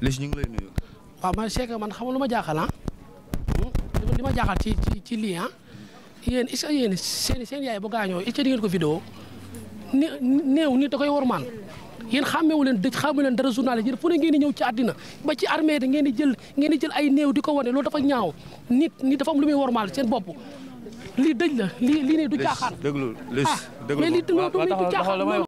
Liss ñu ngi lay nuyu. waaw man Cheikh man xam lu ma jaaxal ah. Hmm? li ma jaaxal ci ci ci ah. seen yaay bu gaañoo est-ce que di ngeen ko vidéo ne néew nit da koy wormaal yéen xàmmewu leen dëj xàmmewu leen dara journaliste yéen fu ne ngeen di ñëw ci àddina ba ci armée da ngeen di jël ngeen di jël ay néew di ko wane loolu dafa ñaaw nit nit dafa lu muy wormaal seen bopp lii dëj la lii lii ne du caaxaan. Ah, mais lii du caaxaan